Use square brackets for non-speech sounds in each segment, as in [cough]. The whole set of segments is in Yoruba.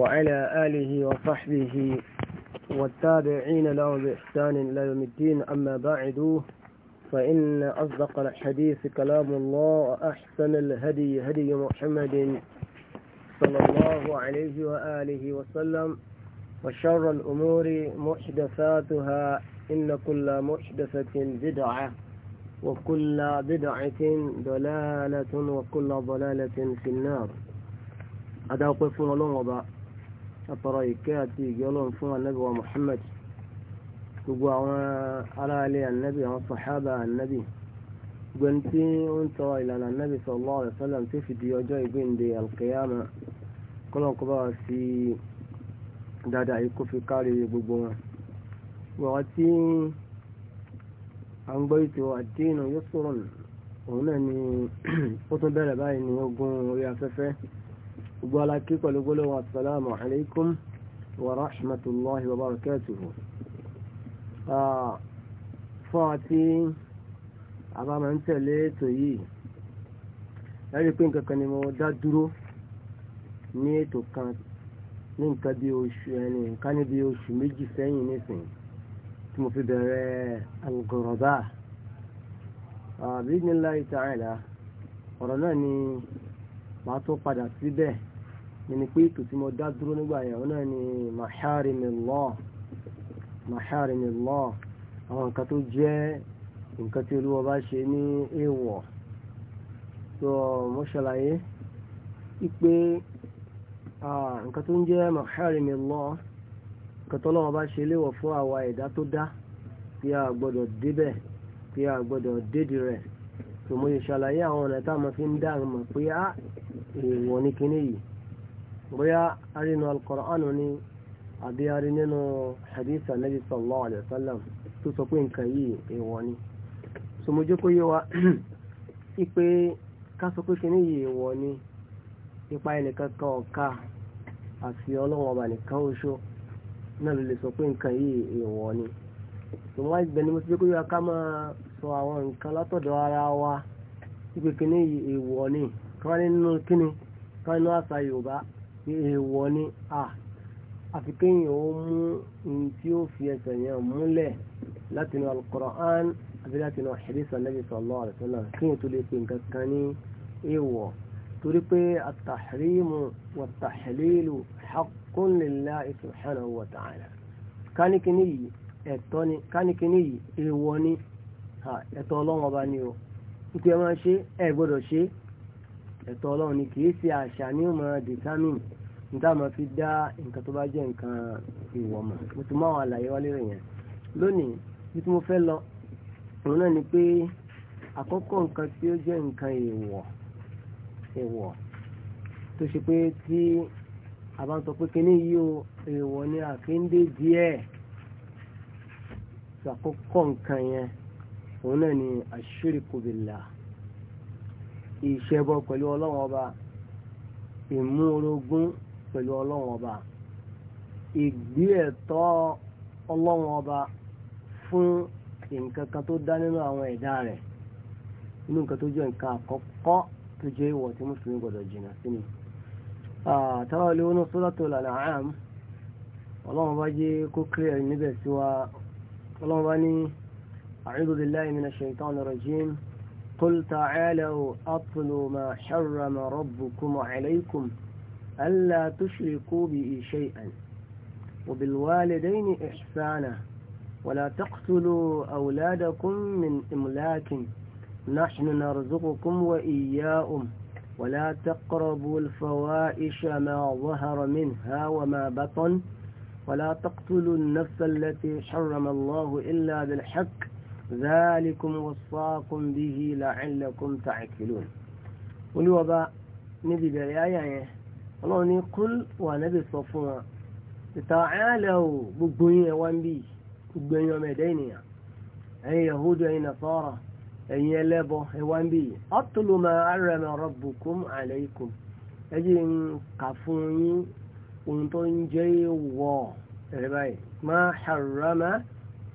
وعلى آله وصحبه والتابعين له بإحسان إلى يوم الدين أما بعد فإن أصدق الحديث كلام الله وأحسن الهدي هدي محمد صلى الله عليه وآله وسلم وشر الأمور محدثاتها إن كل محدثة بدعة وكل بدعة ضلالة وكل ضلالة في النار adáwọ̀pẹ́ fún ọlọ́run ọba àtọ̀rọ̀ ìkẹ́ àti ìgẹ́ ọlọ́run fún anábì wa Muhammad gbogbo àwọn aráalé anábì àwọn sàhábà anábì gbogbo ẹni tí ó ń tọ ìlànà anábì sallallahu alaihi wasallam tó fi di ọjọ́ ìgbéǹde alkiyama kọ́lọ̀ kọ́ bá wa fi dáadáa ikú fi kárí gbogbo wọn. wọ́n ti à ń gbọ́ ètò àdéhùn yóò sọ̀rọ̀ òun náà ni [clears throat] ó tún bẹ̀rẹ̀ báyìí ní ogún orí afẹ́fẹ́ gbogbo aláké pẹ̀lú gbólóhùn asalaamu alaykum wa rahmatulahi wa barakatuhu. fún àti àbámọ̀ ń tẹ̀lé ètò yìí lẹ́yìn pé nǹkan kan ni mo dá dúró ní ètò kan ní nǹkan bí oṣù ẹni nǹkan ní bí oṣù méjì sẹ́yìn nísìnyí tí mo fi bẹ̀rẹ̀ alugọ̀rọ̀bá àbí nílá ìtàn àìlá ọ̀rọ̀ náà ni. ma tó padà síbẹ̀ ẹni pé ètò tí mo dá dúró nígbà yẹn náà ni maharimillah maharimillah àwọn nǹkan tó jẹ́ nǹkan tí olúwa bá ṣe ní èèwọ̀ tó mo ṣàlàyé wípé nǹkan tó ń jẹ́ maharimillah nǹkan tó lọ́wọ́ bá ṣe léèwọ̀ fún àwa ẹ̀dá tó dá kí a gbọ́dọ̀ débẹ̀ kí a gbọ́dọ̀ rẹ̀. tó mo lè ṣàlàyé àwọn ọ̀nà tá a máa fi ń dá àmọ̀ pé á ah, èèwọ̀ ní kinní yìí bóyá arínú al ni àbí arí nínú hadith anabi sallallahu alayhi wa sallam tó sọ pé nǹkan yìí èèwọ̀ ni tó mo jókòó yé wa ipe [clears throat] ká sọ pé kinní yìí èèwọ̀ ni ipa ẹnìkan kan ọ̀ka àti ọlọ́wọ́n ọba nìkan oṣù náà ló lè sọ pé nǹkan yìí èèwọ̀ ni tòun wá gbẹni mo ti jẹ́ kó yọ ká máa sọ àwọn nǹkan látọ̀dọ̀ ara wa wípé kíní èèwọ̀ ni káwá nínú kíní káwá nínú àṣà yorùbá èèwọ̀ ni à àfi kéèyàn ó mú ní tí ó fi ẹsẹ̀ yẹn múlẹ̀ látinú al-Qur'an àbí látinú hadith Nabi sallallahu alaihi wasallam kéèyàn tó lè pe nǹkan kan ní èèwọ̀ torí pé at-tahrimu wat-tahlilu haqqun lillahi yìí ẹ̀tọ́ ni káníkíní yìí èèwọ̀ ni ẹ̀tọ́ ọlọ́run ọba ni o nítorí ẹ máa ṣe ẹ gbọ́dọ̀ ṣe ẹ̀tọ́ ọlọ́run ni kì í ṣe àṣà ní ó máa determine níta máa fi dá nǹkan tó bá jẹ́ nǹkan ìwọ̀ mọ̀ mo ti mú àwọn àlàyé wálé rẹ̀ yẹn lónìí bí tí mo fẹ́ lọ òun náà ni pé àkọ́kọ́ nǹkan tí ó jẹ́ nǹkan ìwọ̀ ìwọ̀ tó ṣe pé tí a bá ń sọ pé kíní yìí o ìwọ̀ ni àkéńdé díẹ̀ ṣàkọ́kọ́ nǹkan yẹn òun náà ni àṣírìkù billah ìṣẹ́bọ pẹ̀lú ọlọ́run ọba ìmú orogún pẹ̀lú ọlọ́run ọba ìgbé ẹ̀tọ́ ọlọ́run ọba fún nǹkan tó dá nínú àwọn ẹ̀dá rẹ̀ inú nǹkan tó jẹ́ nǹkan àkọ́kọ́ tó jẹ́ ìwọ̀ tí mùsùlùmí gbọ́dọ̀ jìnnà sí ni. táwọn wa ọba أعوذ بالله من الشيطان الرجيم قل تعالوا أطلوا ما حرم ربكم عليكم ألا تشركوا به شيئا وبالوالدين إحسانا ولا تقتلوا أولادكم من إملاك نحن نرزقكم وإياهم ولا تقربوا الفوائش ما ظهر منها وما بطن ولا تقتلوا النفس التي حرم الله إلا بالحق ذلكم وصاكم به لعلكم تعقلون olúwọba níbi ìbẹ̀rẹ̀ ayà yẹn ọlọ́run ní kúl wà nẹ́bí sọ fún wa ìta àyàlẹ̀ o gbogbo yín ẹ wá ń bì gbogbo ẹ̀yin ọmọ ẹ̀dá ènìyàn ẹ̀yin yahudu ẹ̀yin nasara ẹ̀yin ẹlẹ́bọ ẹ wá ń bì atlu ma harrama rabbukum alaykum ẹ̀jẹ̀ ń kà fún yín ohun tó ń jẹ́ wọ̀ ẹ̀rẹ́ báyìí ma harrama.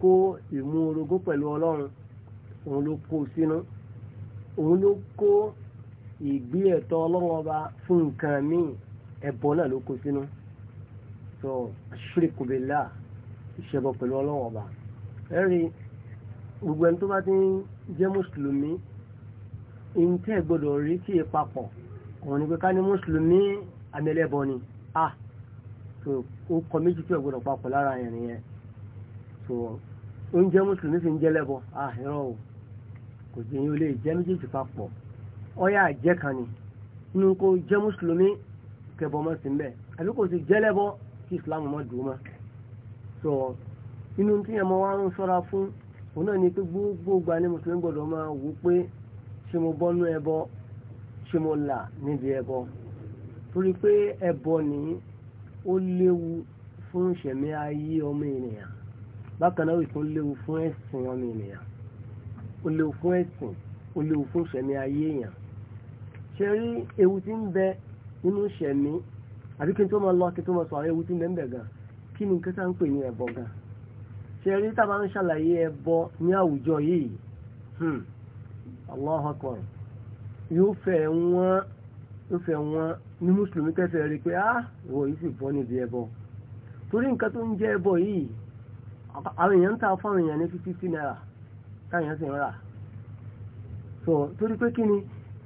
kó ìmú orogún pẹ̀lú ọlọ́run òun ló kó sínú òun ló kó ìgbé ẹ̀tọ́ ọlọ́run ọba fún nǹkan míì ẹ̀bọ náà ló kó sínú so ṣíríkù bíllà ìṣẹbọ pẹ̀lú ọlọ́run ọba ẹ̀rí gbogbo ẹni tó bá ti ń jẹ́ mùsùlùmí ń tẹ́ gbọ́dọ̀ rí kí ẹ papọ̀ òun ni pé ká ní mùsùlùmí amẹ́lẹ́bọ ni ah so ó kọ méjì tí ẹ gbọ́dọ̀ papọ̀ lára yẹn so oúnjẹ mùsùlùmí fi ń jẹ́ lẹ́bọ̀ àhẹ́rọ̀ o kò jẹ́ yín o lè jẹ́ méjèèjì papọ̀ ọyà àjẹ́ kan ni nínú kó jẹ́ mùsùlùmí kẹbọ mọ́ sí mbẹ́ àbí kò sì jẹ́ lẹ́bọ̀ kí islam mọ́ dùn mọ́ sọ inú tí yẹn mọ wá ń sọ́ra fún òun náà ni pé gbogbo gba ni mùsùlùmí gbọ́dọ̀ máa wò pé ṣé mo bọ́nú ẹbọ ṣé mo là níbi ẹbọ torí pé ẹbọ ni ó léwu fún ìṣẹ̀mí ayé ọmọ ènìyàn bákan náà léwu fún ẹ̀sìn ọmọ ènìyàn ó léwu fún ẹ̀sìn ó léwu fún ìṣẹ̀mí ayé èèyàn ṣe rí ewu tí ń bẹ nínú ìṣẹ̀mí àbí kí n tó máa lọ kí n tó máa sọ àwọn ewu tí ń bẹ ń bẹ gan kí ni nǹkan ń pè ní a bá ń ṣàlàyé ẹbọ ní àwùjọ yìí hmm. yóò àwọn èèyàn ń ta fáwọn èèyàn ní fifty naira táwọn èèyàn sì ń rà so torí pé kí ni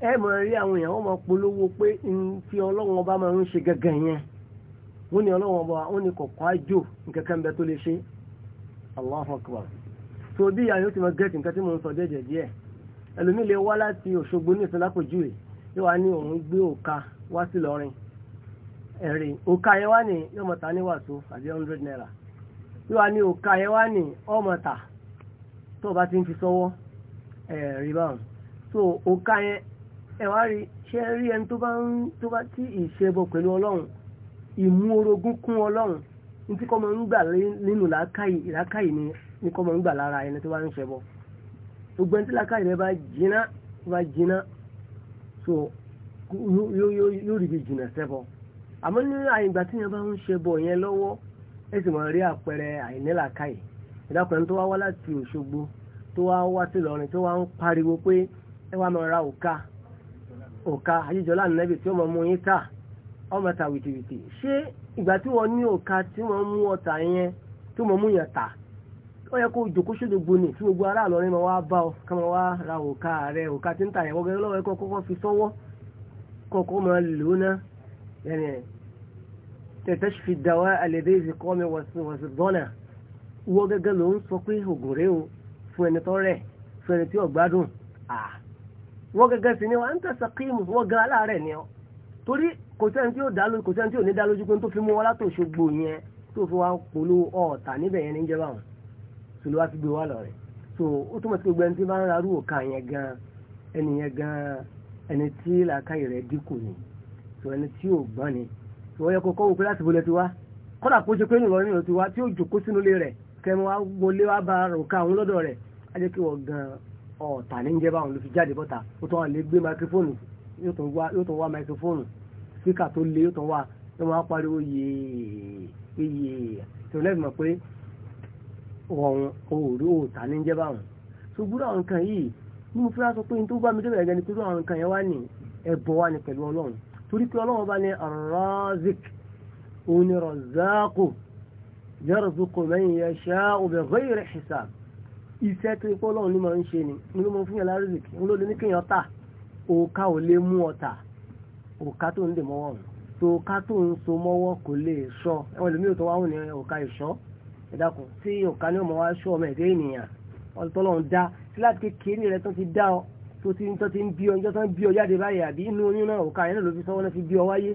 ẹ máa rí àwọn èèyàn wọ́n máa polówó pé ti ọlọ́run ọba máa ń ṣe gẹ́gẹ́ yẹn wọ́n ní ọlọ́run ọba wọ́n ní kọ̀ọ̀kan àjò nǹkan kan bẹ tó lè ṣe Allahu Akbar so bí ìyá yóò ti máa gẹ́tì nǹkan tí mo ń sọ díẹ̀ díẹ̀ ẹlòmíì lè wá láti Òṣogbo ní ìsọlápòjúwe yóò wá ní òun gbé òka wá sí lọrin ẹ̀rìn òka yẹn wá ní yọmọta ní wàásù àbí hundred naira yóò wá ní òkà yẹn wá ní ọmọ tó bá ti ń fi sọ́wọ́ ẹ̀rí so òkà yẹn ẹ wá rí ṣe rí ẹni tó bá ń tó bá tí ìṣẹ́bọ pẹ̀lú ọlọ́run ìmú orogún kún ọlọ́run ní tí kọ́ mọ ń gbà nínú làákàyè ni ní kọ́ ń gbà lára ẹni tó bá ń ṣẹbọ gbogbo ẹni tí làákàyè rẹ bá jiná bá jiná so yóò rí bí jìnà ṣẹbọ àmọ́ ní àyìngbà tí yẹn bá ń ṣẹbọ yẹn lọ́wọ́ ẹ sì mọ̀ rí àpẹẹrẹ àìnílàkàyè ìdákùnrin tó wá wá láti Òṣogbo tó wá wá sí Ìlọrin tó wá ń pariwo pé ẹ wá máa ra òka òka àjíjọlá nẹ́bì tí ó mọ̀ mú yín tà ọmọ ta wìtìwìtì ṣé ìgbà tí wọ́n ní òka tí wọ́n mú ọ̀tà yẹn tí wọ́n mú yẹn tà ó yẹ kó jòkó ṣòdògbò ní tí gbogbo aráàlú ọ̀rìn máa wá bá ọ ká máa wá ra òka rẹ òka tí ń tà yẹn wọ́gẹ́rẹ́ lọ́wọ́ تشفي الدواء الذي في قوم وسضنا وغغل لو sọ pé ògùn rẹ̀ o fún ẹni tó rẹ̀ fún ẹni tí ó gbádùn ah wọ́n gẹ́gẹ́ sí ni wọ́n ń tẹ̀sán kíìmù wọ́n gan aláàárẹ̀ ni ọ́ torí kò sẹ́ni tí ó dá lójú kò sẹ́ni tí ò ní dá lójú pé tó fi mú wọn látò ṣogbo yẹn tó fi wá ń polówó ọ̀ọ̀tà so ó túmọ̀ sí gbogbo ẹni tí bá ń ra rú òkà yẹn gan so ẹni tí ò wọ́n yẹ kó kọ́ òkú láti bolẹ̀ ti wá kọ́dà kó jẹ́ pé nìlọ nínú ti wá tí ó jòkó sínú ilé rẹ̀ kẹmọ wá wọlé wá bá òkà àwọn lọ́dọ̀ rẹ̀ á jẹ́ kí wọ́n gan ọ̀tà ní jẹ́ báwọn ló fi jáde bọ́ta ó tún wà lè gbé máikrófóònù yóò tún wá máikrófóònù síkà tó lé yóò tún wá ló máa pariwo yèèyè yèèyè tó lẹ́bi mọ̀ pé ọ̀hún òòrè òòtà ní jẹ́ báwọn ṣùgbọ́n àwọn nǹkan yìí ní mo fẹ́ wá sọ pé ní tó bá mi débẹ̀rẹ̀ gẹ́ni pé àwọn nǹkan yẹn wá ní ẹ̀bọ wá ní pẹ̀lú ọlọ́run torí pé ọlọ́run bá ní arrazik òun ni rọ̀záàkù yarzuqu man yasha'u bi ghayri hisab iṣẹ́ tó ipò ọlọ́run ní máa ń ṣe ni ní mo fún yẹn lárzik ń ló lè ní kéèyàn tà òòka ò lè mú ọ̀tà òòka tó ń dè mọ́wọ́ ọ̀hún tó òòka tó ń so mọ́wọ́ kò lè ṣọ́ ẹ̀wọ̀n lèmi ò tó wáhùn ní òòka ìṣọ́ ẹ̀dàkùn tó ti ń tọ́ ti ń bí ọ níjọ́ tán bí ọ jáde báyìí àbí inú oyún náà òkà yẹn ló fi sọ́wọ́ náà fi bí ọ wáyé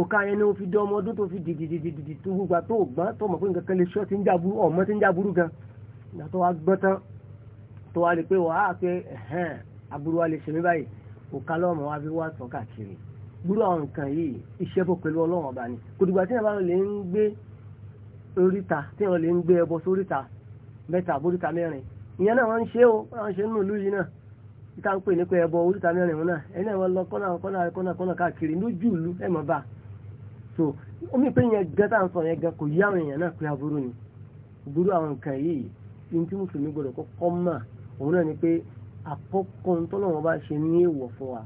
òkà yẹn ni ó fi dé ọmọ ọdún tó fi dìdìdìdì tó gbogbo tó gbọ́n tó mọ̀ pé nǹkan kan lè ṣọ́ ti ń jáburú ọmọ ti ń jáburú gan ìgbà tó wá gbọ́n tán tó wá rí pé wàá pé ẹ̀hẹ́n aburú wa lè ṣe mí báyìí òkà lọ́mọ wa fi wá sọ káàkiri gbúrú àwọn nǹkan yìí iṣẹ́ bọ̀ pẹ̀lú ọlọ́run ọba ni kò dìgbà tí ìyàbá lè títà ń pè ní pé ẹbọ oríta mẹ́rin wọn náà ẹni àwọn lọ kọ́nà kọ́nà kọ́nà kọ́nà káàkiri lójú ìlú ẹ̀ mọ̀ bá so omi pé yẹn gan tá à ń sọ yẹn gan kò yí àwọn èèyàn náà pé aburú ni burú àwọn nǹkan yìí ní tí mùsùlùmí gbọdọ̀ kọ́kọ́ mà òun náà ni pé àkọ́kọ́ tọ́lọ́wọ́n bá ṣe ní èèwọ̀ fún wa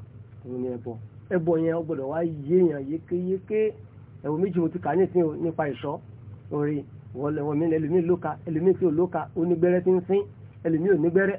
òun ni ẹbọ ẹbọ yẹn ó gbọdọ̀ wá yéèyàn yékéyéké ẹ̀wọ̀n méjì mo ti kà ní nípa ìṣọ́ orí wọ́n mi ẹlòmíì lóka ẹlòmíì tí ò lóka onígbẹ́rẹ́ ti ń sín ẹlòmíì ò nígbẹ́rẹ́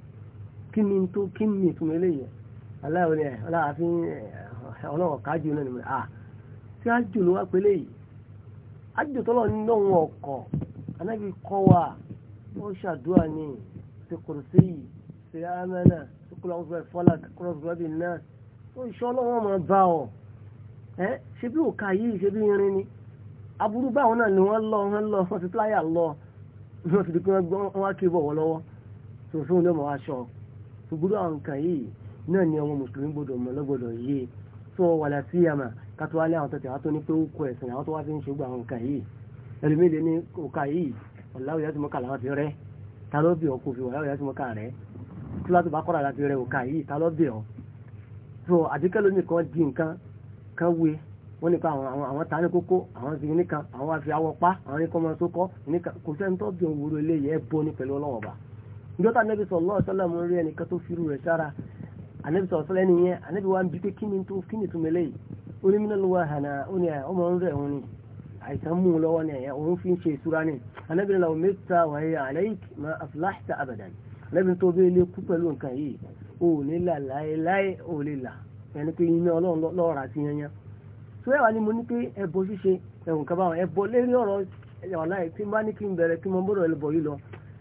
kí ni tó kí ni ìtumọ̀ eléyìí aláwọ̀ ni aláàfin ọlọ́wọ̀ kájú náà ni à tí ájò ló wá pélé yìí ájò tọ́lọ̀ nínú ọkọ̀ anábì kọ́ wa ó ṣàdúrà ní ṣe kòròsí yìí ṣe ámẹ́nà ṣe kúlọ̀ ọ̀fẹ́ fọ́lá kúrọ̀sì náà ó ṣọ́ ọlọ́wọ́ máa bá ọ ẹ́ ṣe bí òkà yìí ṣe bí irin ni aburú báwọn náà ni wọ́n lọ wọ́n lọ wọ́n ti pláyà lọ wọ́n ti di pé wọ́n wá kí bọ̀ wọ́ lọ́wọ́ tòun fún un ní ọmọ wa ṣọ́ọ̀ ṣùgbọ́n àwọn nǹkan yìí náà ni ọmọ mùsùlùmí gbọdọ̀ mọ̀ lọ́gbọdọ̀ yé tó wàlá sí àmà kátó wálé àwọn tọ̀tẹ̀ àwọn tó ní pé ó kọ ẹ̀sìn àwọn tó wá fi ń ṣògbọ́n àwọn nǹkan yìí ẹlòmíì lè ní òkà yìí ọ̀làwọ̀ yàtọ̀ mọ́kà làwọn fi rẹ́ ta ló bì ọ́ kò fi ọ̀làwọ̀ yàtọ̀ mọ́kà rẹ́ tí wàá tó bá kọ́ra láti rẹ òkà yìí ta ló bì ọ́ tó àdìkẹ́ lómi kan di nǹkan kan wé wọ́n ní pa àwọn àwọn tani kókó àwọn ti nìkan àwọn afi awọ pa àwọn nìkan máa tó kọ́ kò sẹ́ni tó bì ọ́ wúro eléyìí ẹ̀ bọ́ ní pẹ̀lú ọlọ́wọ́ bá ìjọta nẹ́bí sallallahu alaihi wasallam rí ẹnìkan tó fi irú rẹ̀ sára ànẹ́bí sallallahu ẹni yẹn ànẹ́bí wa ń bi pé kí ni tó kí ni tó mẹ́lẹ̀ yìí ó ní mínà lówó àhànà ó ní ọmọ ń rẹ̀ òun ni àìsàn mú un lọ́wọ́ ni ẹ̀yà òun fi ń ṣe ìṣúra ni ànẹ́bí law mitta wa hiya alayk ma aflahta abadan ànẹ́bí tó bẹ́ẹ̀ lé kú pẹ̀lú nǹkan yìí ó ní là láéláé ó lè là ẹni pé iná ọlọ́run lọ́ọ̀rà sí yẹn yẹn tó ẹ̀wà ni mo ní pé ẹ̀bọ ṣíṣe ẹ̀wọ̀n kan ẹ̀bọ lérí ọ̀rọ̀ ẹ̀wọ̀n láì tí n bá ní kí n bẹ̀rẹ̀ kí n mọ bọ́dọ̀ ẹ̀lẹ́bọ̀ yìí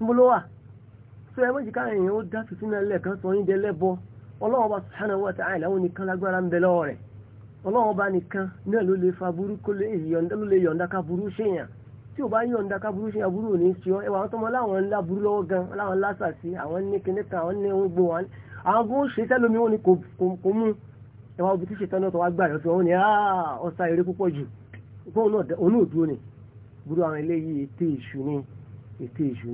níbo ló wà sọ ẹ méjì káàrin yẹn ó dá fìtínà lẹ́ẹ̀kan sọ yín dẹ́lẹ́bọ ọlọ́run ọba subhanahu wa ta'ala àwọn nìkan lágbára ń bẹ lọ́wọ́ rẹ̀ ọlọ́run ọba nìkan náà ló lè fa burú kó lè yọ̀ǹda ká burú ṣèyàn tí ò bá yọ̀ǹda ká burú ṣèyàn burú ò ní ṣe ọ́ ẹwà àwọn tọmọ láwọn ńlá burú lọ́wọ́ gan láwọn lásàsí àwọn ní kíní kan àwọn ní ohun gbò wọn àwọn bó ṣe sẹ́lómi wọn ni kò mú ẹwà òbí ṣe tán ah, náà tó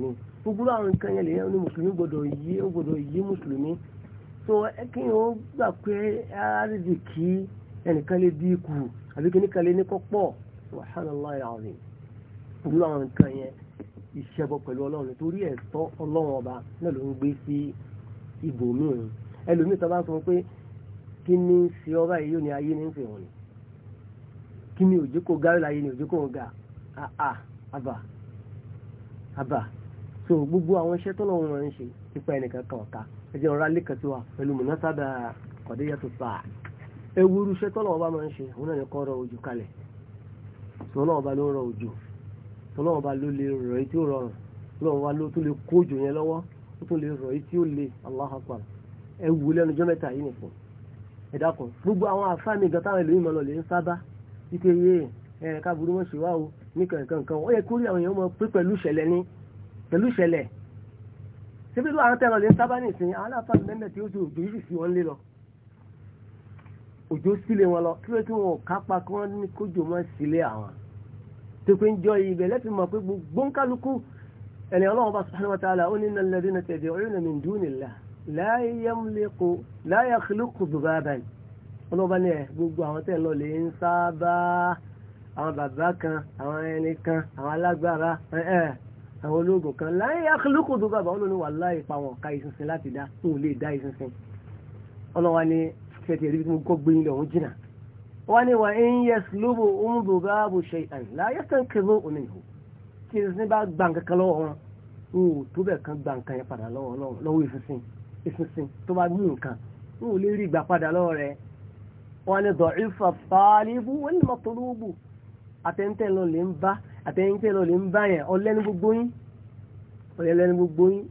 wá gbogbo àwọn nǹkan yẹn lèyẹn ní mùsùlùmí gbọdọ̀ yí ó gbọdọ̀ yí mùsùlùmí tó kí n ó gbà pé àrídì kí ẹnìkan lè dín ikù àbí kí nìkan lè ní kọ́pọ̀ subhanallah alazim gbogbo àwọn nǹkan yẹn ìṣẹ́bọ pẹ̀lú ọlọ́run torí ẹ̀tọ́ ọlọ́run ọba náà ló ń gbé sí ibòmíràn ẹlòmíì tó bá sọ pé kí ni ṣe ọba yìí yóò ní ayé ní ń ni kí ni òjò gárí láyé ni òjò ń ga àbà ah, ah, àbà so gbogbo àwọn iṣẹ́ tó lọ́wọ́ wọn ń ṣe nípa ẹnìkan kan ọ̀ka ẹjẹ́ ọ̀rá lẹ́kàn tí wà pẹ̀lú mọ̀nàsábà kọ̀déyà tó ma ewúrú iṣẹ́ tó lọ́wọ́ bá máa ń ṣe òun náà ní kọ́ rọ òjò kalẹ̀ tó lọ́wọ́ bá ló rọ òjò tó lọ́wọ́ bá ló lè rọ ó rọrùn tó lọ́wọ́ bá ló tó lè kó le ewu lẹ́nu jọ́ mẹ́ta yìí gbogbo àwọn àfáàmì gan táwọn èlòyìn mọ̀ lọ lè ń pẹ̀lú ìṣẹ̀lẹ̀ síbi tó àwọn tẹ́lọ̀ lè sábà ní ìsìn àwọn aláfáàlù mẹ́mẹ́ tí ó ti òjò yìí sí wọn lé lọ òjò sílé wọn lọ kí ló tí wọn ò kápá kí wọn ní kójò mọ́ sílé àwọn tó pé ń jọ ibẹ̀ lẹ́fi mọ̀ pé gbogbo ń ọlọ́run bá subhanahu wa ta'ala ó ní innal ladhina tad'una min dunillah la yamliku la yakhluqu gbogbo àwọn tẹ́ lọ lè ń sábà àwọn bàbá kan àwọn ẹni kan àwọn alágbára àwọn ológun kan láyé akílùkù tó gbàgbà wọn ló ní wà láì pa wọn ká ìsinsin láti dá fún un lè dá ìsinsin ọlọ́wà ni ṣètì ẹ̀rí tí mo kọ́ gbé ilẹ̀ ọ̀hún jìnnà wọ́n ní wà ń yẹ sílùbù ọmọdé gbàgbó ṣe àn láyé sàn kébó òní ìhò tí ìsinsin bá gbà nǹkan lọ́wọ́ wọn n ò tó bẹ̀ kan gbà nǹkan yẹn padà lọ́wọ́ ìsinsin ìsinsin tó bá mú nǹkan n ò lè rí ìgbà padà lọ́wọ́ rẹ̀ wọ́n àtẹ̀yìn tẹ́ lọ lè ń bá yẹn ọlẹ́nu gbogbo yín ọlẹ́nu gbogbo yín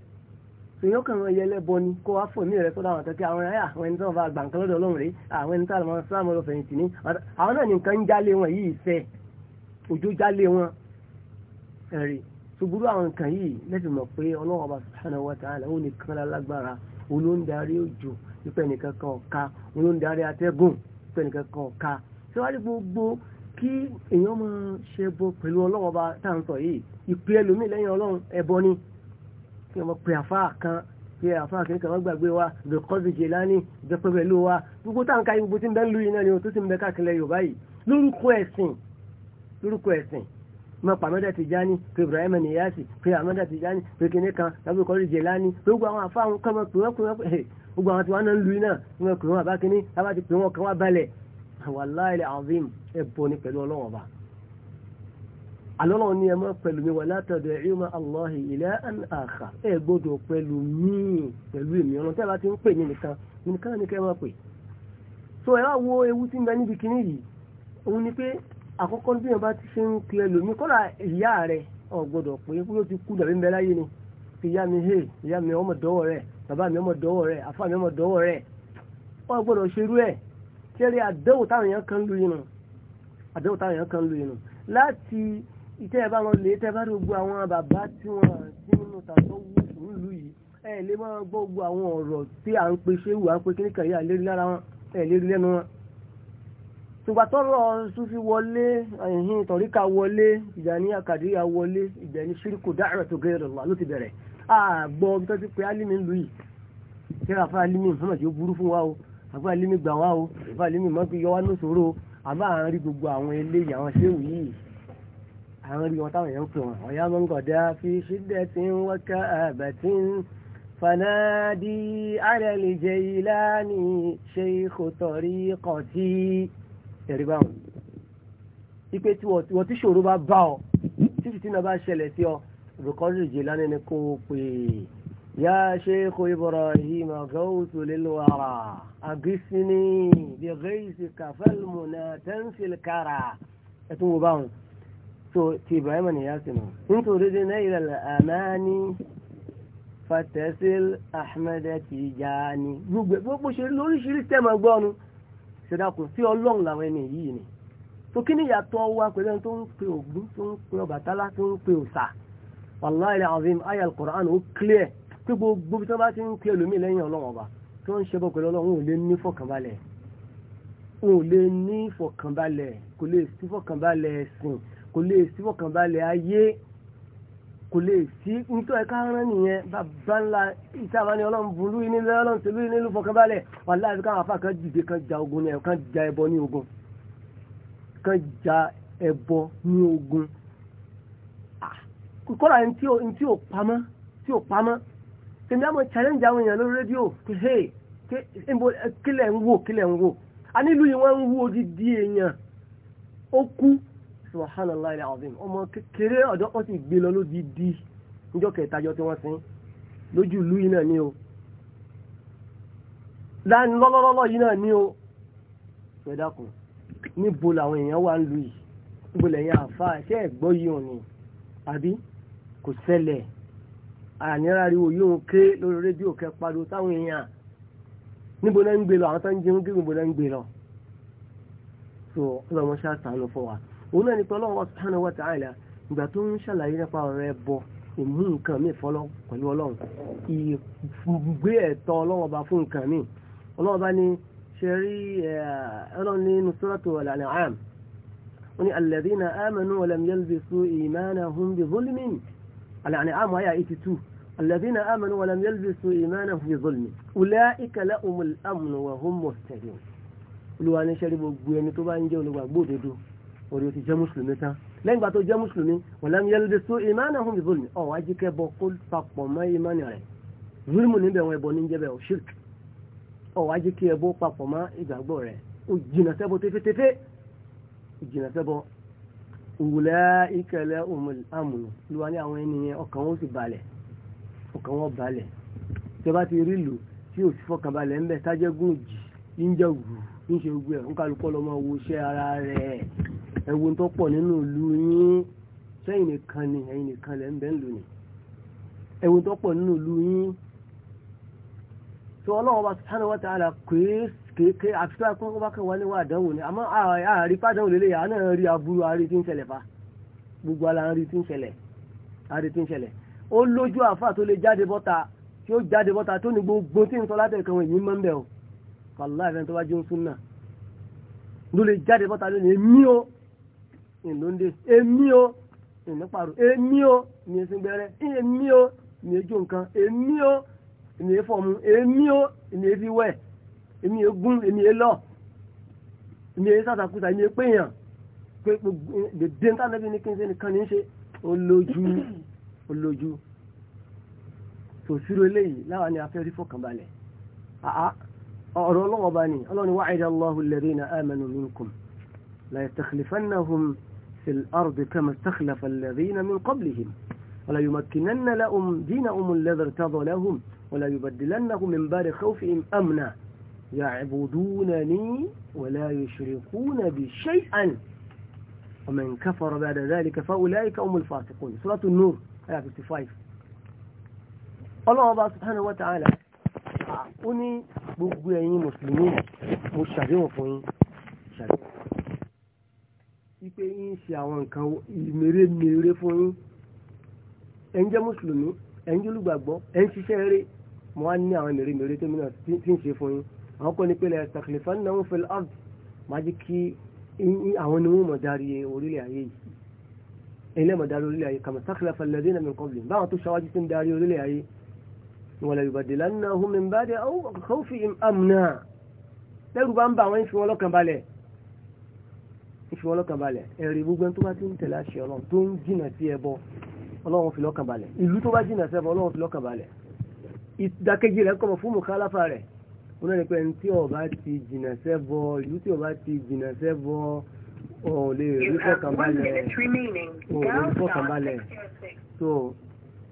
èèyàn kan yẹ lẹ́bọ ni kó wá fò ní ìrẹ́ sọ́dọ̀ àwọn àtẹ́kẹ́ àwọn ẹ̀yà àwọn ẹni tí wọ́n bá gbà nǹkan lọ́dọ̀ ọlọ́run rèé àwọn ẹni tí àwọn sáàmù lọ fẹ̀yìntì ní àwọn náà nìkan ń jálé wọn yìí fẹ́ òjò jálé wọn ẹ̀rì ṣùgbúrú àwọn nǹkan yìí lẹ́sìn mọ̀ pé ọlọ́run ọba subhanahu wa ta'ala ó nìkan nìkan kan olóńdarí atẹ́gùn kí èèyàn máa ṣe bọ pẹ̀lú ọlọ́wọ́ bá tá à ń sọ yìí ìpè ẹlòmíì lẹ́yìn ọlọ́run ẹ̀bọ ni kí wọ́n pe àfáà kan pe àfáà kan kí wọ́n gbàgbé wa bẹ̀kọ́sì jẹ̀lání bẹ̀pẹ̀ pẹ̀lú wa gbogbo tá à ń ka gbogbo tí ń bẹ ń lu yìí náà ni o tó ti ń bẹ káàkiri Yorùbá yìí lórúkọ ẹ̀sìn lórúkọ ẹ̀sìn mọ pàmẹ́dà Tìjání pé Ibrahim Niyasi pé àmẹ́dà Tìjání pé kìnìún kan lábẹ́ kọ́lé Jẹ̀lání pé gbogbo àwọn àfáà wọn kọ́ mọ́ pé wọ́n pè wọ́n gbogbo àwọn tí wọ́n náà ń lu iná wọ́n pè wọ́n àbá kínní lábàtí pé wọ́n kàn wá balẹ̀ wàláhì azim ẹbọ ní pẹ̀lú ọlọ́wọ́ bá alọ́lọ́wọ́ ní ẹmọ́ pẹ̀lú mi wala tad'u ma Allahi ilahan akhar ẹ gbọ́dọ̀ pẹ̀lú mi pẹ̀lú èmi ọ̀nà tẹ́lá ti ń pè ní nìkan nìkan ní kẹ́ máa pè so ẹ wá wo ewu tí ń bẹ níbi kìíní yìí òun ni pé àkọ́kọ́ bí wọn bá ti ṣe ń pe ẹlòmí kọ́lá ìyá rẹ ò pé kúrò ti kú dàbí ń bẹ ni ìyá mi hey ìyá mi ọmọ dọ́wọ́ bàbá mi ọmọ dọ́wọ́ tẹ́rẹ àdéhù táwọn èèyàn kan lu inú àdéhù táwọn èèyàn kan lu inú láti ìtẹ́ ẹ̀ bá wọn lè tẹ́ bá rí gbogbo àwọn bàbá tí wọ́n ti nínú tàbí nílùú yìí ẹ lè má gbọ́ gbogbo àwọn ọ̀rọ̀ tí à ń pe ṣéwù à ń pe kíníkà yìí àlérí lára wọn ẹ lérí lẹ́nu wọn. tùgbàtọ́rọ̀ sufi wọlé ẹ̀hìn tọ̀ríkà wọlé ìjàníyà kàdíyà wọlé ìjàní ṣíríkù dáhùrẹ̀ tó gẹ́rẹ̀ lọ́wọ́ ló ti bẹ̀rẹ̀ àgbọ̀ bí tó ti àbá límì gbà wá o àbá límì mọ́ pé yọ wá lóṣòro àbá àwọn rí gbogbo àwọn eléyìí àwọn ṣéwù yìí àwọn rí wọn táwọn èèyàn ń pè wọn ọ̀yá mọ́ngọ̀dá fi ṣídẹ̀ tí ń wọ́ká àbẹ̀ tí ń fanadi alẹ́lẹ̀ jẹ́ ilá ní ṣe ìkòtọ̀rí kan ẹ̀rí bá wọn. ipe tí wọ́n tí ṣòro bá bá ọ tí fìtínà bá ṣẹlẹ̀ sí ọ rùkọ́rì jẹ́ lánàá ni kò pè é. يا شيخ إبراهيم غوث للورى أقسني بغيثك فالمنى تنفي الكرى أتم باون تو تيبا من ياسنا إن تردنا إلى الأمان فتصل أحمد تيجاني gbogbo ṣe lóríṣiríṣi tẹ́ máa gbọ́nu ṣèdákun sí ọlọ́run làwọn ẹni yìí ni tó kí ni ìyàtọ̀ wa pẹ̀lú ẹni tó ń pe Ògún tó ń pe Ọbàtálá tó ń pe òòṣà wàláhì alazim àyá al-Qur'an ó clear pé gbogbo bí wọ́n bá ti ń pe ẹlòmíì lẹ́yìn ọlọ́run ọba tí wọ́n ń ṣẹbọ pẹ̀lú ọlọ́run ò lè ní fọkànbalẹ̀ ò lè ní fọkànbalẹ̀ kò lè sí fọkànbalẹ̀ ẹ̀sìn kò lè sí fọkànbalẹ̀ ayé kò lè sí nítorí ẹ̀ka rán nìyẹn bàbá ńlá ìtàbá ni ọlọ́run burú nílé ọlọ́run tẹ̀lú nílùú fọkànbalẹ̀ wà láàbí káwọn afá kan dìde kan ja ogun ní kan ja ẹbọ ní ogun kan ja ẹbọ ní ogun ah, kọ́ra ní tí ò pamọ́ tí ò pamọ́ kí n dámọ̀ challenge àwọn èèyàn lórí rédíò pé hey kílẹ̀ ń wò kílẹ̀ ń wò a nílùú yìí wọ́n ń wú odidi èèyàn ó kú subhanallah ilẹ̀ azim ọmọ kékeré ọ̀dọ́ kan sì gbé lọ lódidi níjọ́ kẹtàjọ́ tí wọ́n sin lójú ìlú yìí náà ni o láàánú lọ́lọ́lọ́lọ́ yìí náà ni o níbo làwọn èèyàn wà ń yìí níbo ẹ̀gbọ́ yìí ò àníràríwò yóò ké lórí rédíò kẹ pariwo táwọn èèyàn níbo náà ń gbé lọ àwọn tó ń jẹun kí níbo náà ń gbé lọ so ọlọmọ ṣàtàánú fún wa òun náà ní pé Ọlọ́run subhanahu wa ta'ala ìgbà tó ń ṣàlàyé nípa ọ̀rọ̀ ẹbọ ìmú nǹkan mi fọlọ́ pẹ̀lú ọlọ́run ìgbé ẹ̀tọ́ ọlọ́run ọba fún nǹkan mi ọlọ́run ọba ní ṣe rí ọlọ́run nínú suratu al-An'am ó ní alladhina الأنعام آية 82 الذين آمنوا ولم يلبسوا إيمانهم بظلم أولئك لهم الأمن وهم مهتدون olùwà ní sẹ́rí gbogbo ẹni tó bá ń jẹ́ olùgbàgbọ́ òdodo orí o ti jẹ́ mùsùlùmí tán lẹ́yìn ìgbà tó jẹ́ mùsùlùmí walam yalbisu imanahum bi zulmi ọ̀ wá jíkẹ́ bọ kó papọ̀ mọ́ ìmánì rẹ̀ zulmu níbẹ̀ wọn ẹbọ níjẹ́ bẹ̀ ṣírk ọ̀ wá jíkẹ́ ẹbọ papọ̀ mọ́ ìgbàgbọ́ rẹ̀ ó jìnà sẹ́bọ tẹ́fẹ́tẹ́fẹ́ ìjìnà sẹ́bọ ulaika ikele amn ló wá ní àwọn ènìyàn ọkàn wọn sì balẹ̀ ọkàn wọn balẹ̀ tí a bá ti rí lò tí ò sí fọkàn balẹ̀ ńbẹ tájẹ́gùn jì ń jẹ́ wù ń ṣe ẹ̀ ń kálukọ́ lọ́mọ iṣẹ́ ara rẹ̀ ẹ̀wọ̀n tó pọ̀ nínú ìlú yín sẹ́yìn nìkan ni ẹ̀yìn nìkan ń bẹ́ ń lò ní ẹ̀wọ̀n tó ta kéèké àfi tó akọ́kọ́ bá kẹwàá níwá àdánwò ni àmọ́ àárí pàdánwò lélẹ̀ yà á náà rí aburú àárí tí ń ṣẹlẹ̀ fa gbogbo ara àárí tí ń ṣẹlẹ̀ àárí tí ń ṣẹlẹ̀ ó lójú àfà tó lè jáde bọ́ta tí ó jáde bọ́ta tó ní gbogbo tí ń sọ látẹ̀ kan èyí mọ́ ń bẹ̀ o wàláhì ẹni tó bá jẹun súnà ló lè jáde bọ́ta lónìí èmi o ìlóńdè èmi o ìnípàrọ̀ èmi o ní esin gbẹrẹ èmi o ní ejò nǹkan èmi o ní efọ̀mu èmi o ní efiwẹ́ẹ̀ èmi egún èmi elọ èmi esàtàkùsà èmi epéyàn pé dèdè níta lẹ́bi ní kí n ṣe nìkan ní í ṣe olójú olójú tòṣírò eléyìí láwa ni a fẹ́ rí fọkànbalẹ̀ àá ọ̀rọ̀ ọlọ́wọ́ bá ní ọlọ́ni wa'ada Allahu alladhina amanu minkum la yastakhlifannahum fil ardi kama istakhlafa alladhina min qablihim ولا يمكنن لهم دينهم الذي ارتضى لهم ولا يبدلنهم من بعد خوفهم أمنا يعبدونني ولا يشركون بي شيئا ومن كفر بعد ذلك فأولئك هم الفاسقون سورة النور آية 55 الله سبحانه وتعالى ó ní gbogbo ẹ̀yin mùsùlùmí mo ṣàdéhùn fún yín ṣàdéhùn wípé yín ṣe àwọn nǹkan ìmèrèmèrè fún yín ẹ̀ ń jẹ́ mùsùlùmí ẹ̀ ń jólúgbàgbọ́ ẹ̀ ń ṣiṣẹ́ eré mo wá ní àwọn ìmèrèmèrè tó mìíràn tí ń ṣe fún yín àwọn kò ní pé lẹ́yìn sàkìlìfàn náà ń fẹ́ ard máa jẹ́ kí àwọn ni wọ́n mọ̀ darí orílẹ̀ ayé yìí ẹ̀yin lẹ́mọ̀ darí orílẹ̀ ayé kàmọ́ sàkìlìfà lẹ́dí náà mi kọ́ bìlẹ̀ báwọn tó ṣáwájú sí ń darí orílẹ̀ ayé wọn lè yùbàdìlá náà hùn mi bá dé àwọn fi amúnà lẹ́rù bá ń bá àwọn ìfìwọ́n lọ́kàn balẹ̀ ìfìwọ́n lọ́kàn ìlú tó bá jìnà sí ẹbọ fi lọ́kàn balẹ̀ ìdákejì rẹ̀ kọ̀ fún mùkálàfà rẹ̀ òun náà ni pé ẹni tí ó bá ti jìnà sẹ́bọ ìlú tí ó bá ti jìnà sẹ́bọ òun lè rí fọkànbalẹ̀ òun lè rí fọkànbalẹ̀ so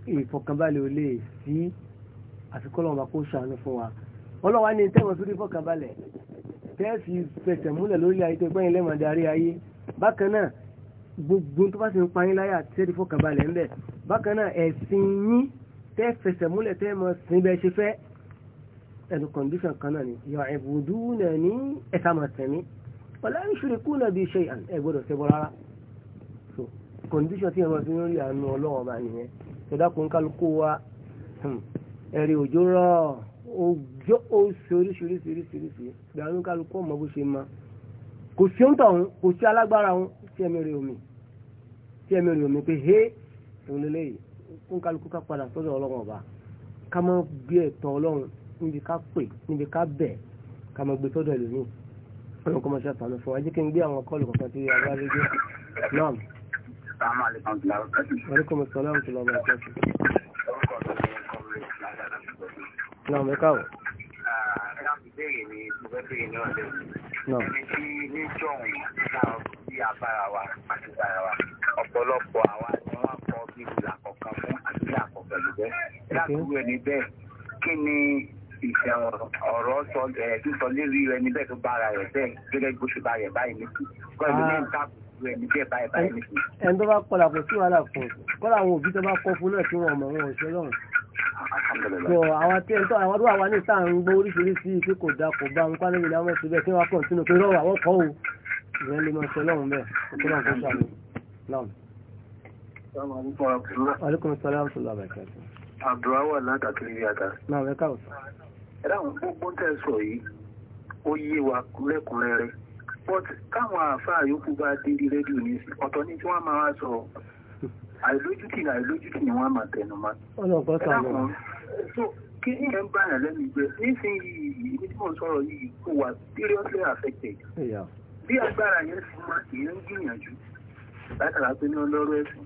ìfọkànbalẹ̀ ò lè sí àfikún ọlọ́run bá kó ṣàánú fún wa ọlọ́wà ní tẹ́wọ̀n tó rí fọkànbalẹ̀ tẹ́ẹ̀sì fẹsẹ̀ múlẹ̀ lórí ayé tó gbẹ́yìn lẹ́mọ̀ darí ayé bákan náà gbogbo tó bá ti ń payín láyà tẹ́ẹ̀rí fọkànbalẹ̀ ńbẹ̀ bákan náà ẹ̀sìn yín tẹ́ẹ̀ fẹsẹ̀ múlẹ̀ tẹ́ẹ̀ mọ̀ sí bẹ́ẹ̀ ṣe fẹ́ ẹnu kọ̀ǹdíṣàn kan náà ni yọ ẹ̀bùdú náà ní ẹ̀ka máa tẹ̀mí ọ̀la ń ṣe kú náà bí iṣẹ́ àn ẹ̀ gbọ́dọ̀ ṣẹbọ rárá so kọ̀ǹdíṣàn tí ẹ̀rọ fi ń rí àánú ọlọ́run ọba nìyẹn ṣẹ̀dákun kálukú wa hmm. ẹ̀rí òjò rọ̀ òjò oṣù oríṣiríṣiríṣiríṣi ìdààmú kálukú ọmọ bó ṣe ma kò sí ń tọ̀hún kò sí alágbára òun tí ẹ̀mí rí kálukú ká padà sọ́dọ̀ ọlọ́run ọba ká má bí ẹ̀tọ́ ọlọ́run níbi ká pè níbi ká bẹ̀ ká máa gbé sọ́dọ̀ ẹlòmíì fún ọkọ̀ mọ́ṣẹ́ àtàwọn fún wa jẹ́ kí n gbé àwọn kọ́ọ̀lù kankan tí a bá rí gbé náà. Aleykum salaam wa rahmatulah wa barakatuh. Naam, ẹ káwọ̀. Naam. Ẹni tí ní jọ̀hún náà bí abára wa àti bára wa, ọ̀pọ̀lọpọ̀ àwa ni wọ́n kọ́ bí ìlà fún àti ìlà lùbẹ́. Láti wú ẹni bẹ́ẹ̀, kí ni ìṣẹ̀wọ̀n ọ̀rọ̀ sọ sísọ lérí rẹ níbẹ̀ tó bára rẹ̀ bẹ́ẹ̀ gẹ́gẹ́ bó ṣe bá rẹ̀ báyìí nìkú kọ́ni ní ń tàkù rẹ̀ níbẹ̀ báyìí báyìí nìkú. ẹni tó bá kọlà kò sí wàhálà fún kọlà àwọn òbí tó bá kọ fún náà tí wọn mọ wọn òṣèlú ọ̀hún. so àwọn tí ẹni tó àwọn tó wà ní sáà ń gbọ́ oríṣiríṣi pé kò dáa kò bá ń pálẹ̀ nílẹ̀ àwọn ìṣẹ̀lẹ̀ tí wọ́n kọ̀ sínú pé rọrùn àwọn kọ́ ò ìrẹ́ lè mọ ìṣẹ̀lẹ̀ ọ̀hún bẹ́ẹ̀ kó náà kó sàmì náà. aleykum salaam wa rahmatulah. àdúrà wà látàkiri yàtà. náà ẹ káàbọ̀. ẹ̀rọ àwọn kókó tẹ̀ yìí ó yé wa lẹ́kùnrẹ́rẹ́ but káwọn àáfàá yòókù bá dé rí rédíò ní sí ọ̀tọ̀ ní tí wọ́n máa wá sọ àìlójútì ní àìlójútì ni wọ́n máa tẹnu mọ́. kí nísìnyí tí mò ń sọ̀rọ̀ yìí kò wà affected bí agbára yẹn máa mọ èèyàn ń gbìyànjú látara pé ní ọlọ́rọ̀ ẹ̀sìn.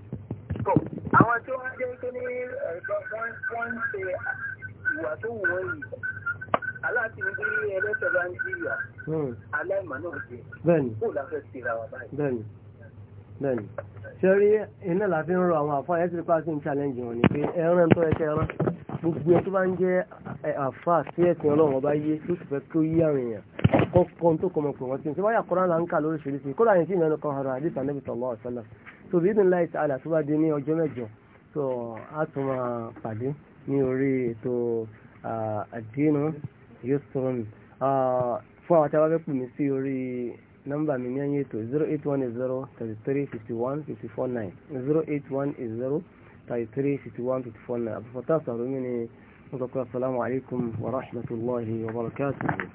tó àwọn tí wọ́n jẹ́ pé ní wọ́n ń ṣe ìwà tó ẹlẹ́sẹ̀ bá ń jìyà hmm. aláìmọ̀ náà jẹ́ bẹ́ẹ̀ni kó láfẹ́ síra wa báyìí bẹ́ẹ̀ni ṣe rí iná láti ń rọ àwọn àfáà ẹ̀ sí challenge wọn ni pé ẹran tó ẹsẹ̀ ẹran gbogbo ẹ̀ tó bá ń jẹ́ àfáà sí ẹ̀sìn ọlọ́run ọba yé tó sì fẹ́ kí ó yí àrùn èèyàn kọ́kọ́ tó kọ́ mọ̀pẹ̀ wọ́n ti ń ṣe wáyà kọ́ra là ń kà lóríṣiríṣi kó láyé sí ìmẹ́nu kan ara àdìsá nẹ́bí sallallahu alaihi tó bí ìdùnnú láì sàálà tó bá di ní ọjọ́ mẹ́jọ tó Ah, fún àwọn tí a bá fẹ́ pè mí sí orí nọ́mbà mi ní ẹ̀yìn ètò zero eight one zero thirty three fifty one wa rahmatulahi wa barakatuhu.